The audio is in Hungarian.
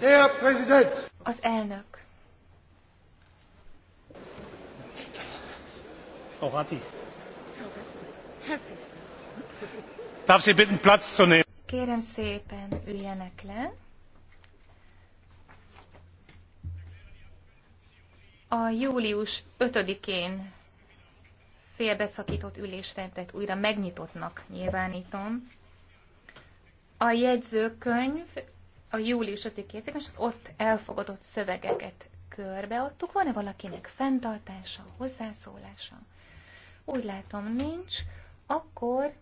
Der Präsident! Az elnök. Frau oh, Ratti. Darf Sie bitten, Platz zu nehmen? Kérem szépen, üljenek le. A július 5-én félbeszakított ülésrendet újra megnyitottnak nyilvánítom. A jegyzőkönyv a július 5 és az ott elfogadott szövegeket körbeadtuk. Van-e valakinek fenntartása, hozzászólása? Úgy látom, nincs. Akkor